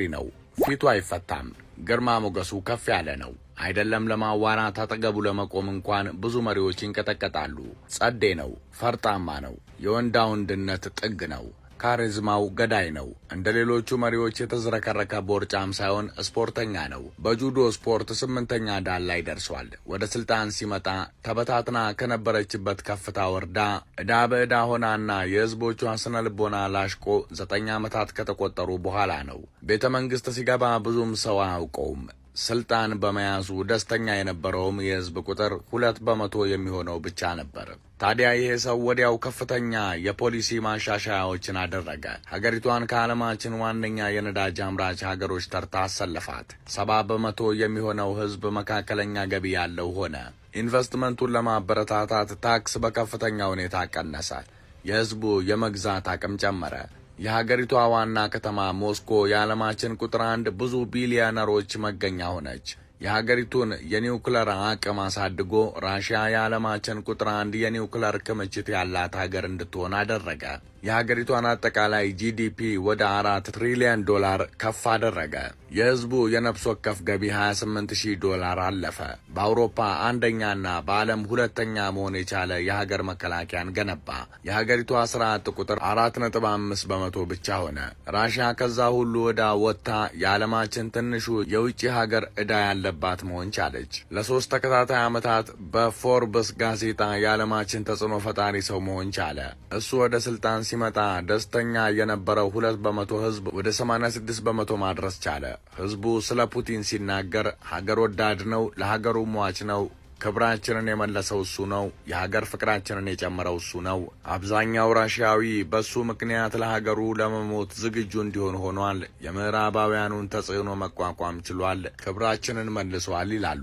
አኩሪ ነው። ፊቱ አይፈታም። ግርማ ሞገሱ ከፍ ያለ ነው። አይደለም ለማዋራት አጠገቡ ለመቆም እንኳን ብዙ መሪዎች ይንቀጠቀጣሉ። ጸዴ ነው። ፈርጣማ ነው። የወንዳ ወንድነት ጥግ ነው። ካሪዝማው ገዳይ ነው። እንደ ሌሎቹ መሪዎች የተዝረከረከ ቦርጫም ሳይሆን ስፖርተኛ ነው። በጁዶ ስፖርት ስምንተኛ ዳን ላይ ደርሷል። ወደ ስልጣን ሲመጣ ተበታትና ከነበረችበት ከፍታ ወርዳ እዳ በእዳ ሆናና የሕዝቦቿን ስነ ልቦና ላሽቆ ዘጠኝ ዓመታት ከተቆጠሩ በኋላ ነው። ቤተ መንግስት ሲገባ ብዙም ሰው አያውቀውም። ስልጣን በመያዙ ደስተኛ የነበረውም የህዝብ ቁጥር ሁለት በመቶ የሚሆነው ብቻ ነበር። ታዲያ ይሄ ሰው ወዲያው ከፍተኛ የፖሊሲ ማሻሻያዎችን አደረገ። ሀገሪቷን ከዓለማችን ዋነኛ የነዳጅ አምራች ሀገሮች ተርታ አሰለፋት። ሰባ በመቶ የሚሆነው ህዝብ መካከለኛ ገቢ ያለው ሆነ። ኢንቨስትመንቱን ለማበረታታት ታክስ በከፍተኛ ሁኔታ ቀነሰ። የህዝቡ የመግዛት አቅም ጨመረ። የሀገሪቷ ዋና ከተማ ሞስኮ የዓለማችን ቁጥር አንድ ብዙ ቢሊዮነሮች መገኛ ሆነች። የሀገሪቱን የኒውክለር አቅም አሳድጎ ራሽያ የዓለማችን ቁጥር አንድ የኒውክለር ክምችት ያላት ሀገር እንድትሆን አደረገ። የሀገሪቷን አጠቃላይ ጂዲፒ ወደ አራት ትሪሊየን ዶላር ከፍ አደረገ። የህዝቡ የነፍስ ወከፍ ገቢ 28000 ዶላር አለፈ። በአውሮፓ አንደኛና በዓለም ሁለተኛ መሆን የቻለ የሀገር መከላከያን ገነባ። የሀገሪቷ ስራ አጥ ቁጥር 4.5 በመቶ ብቻ ሆነ። ራሽያ ከዛ ሁሉ ዕዳ ወጥታ የዓለማችን ትንሹ የውጭ ሀገር ዕዳ ያለ ያለባት መሆን ቻለች። ለሶስት ተከታታይ ዓመታት በፎርብስ ጋዜጣ የዓለማችን ተጽዕኖ ፈጣሪ ሰው መሆን ቻለ። እሱ ወደ ስልጣን ሲመጣ ደስተኛ የነበረው ሁለት በመቶ ህዝብ ወደ 86 በመቶ ማድረስ ቻለ። ህዝቡ ስለ ፑቲን ሲናገር ሀገር ወዳድ ነው፣ ለሀገሩ ሟች ነው ክብራችንን የመለሰው እሱ ነው። የሀገር ፍቅራችንን የጨመረው እሱ ነው። አብዛኛው ራሽያዊ በሱ ምክንያት ለሀገሩ ለመሞት ዝግጁ እንዲሆን ሆኗል። የምዕራባውያኑን ተጽዕኖ መቋቋም ችሏል። ክብራችንን መልሷል ይላሉ።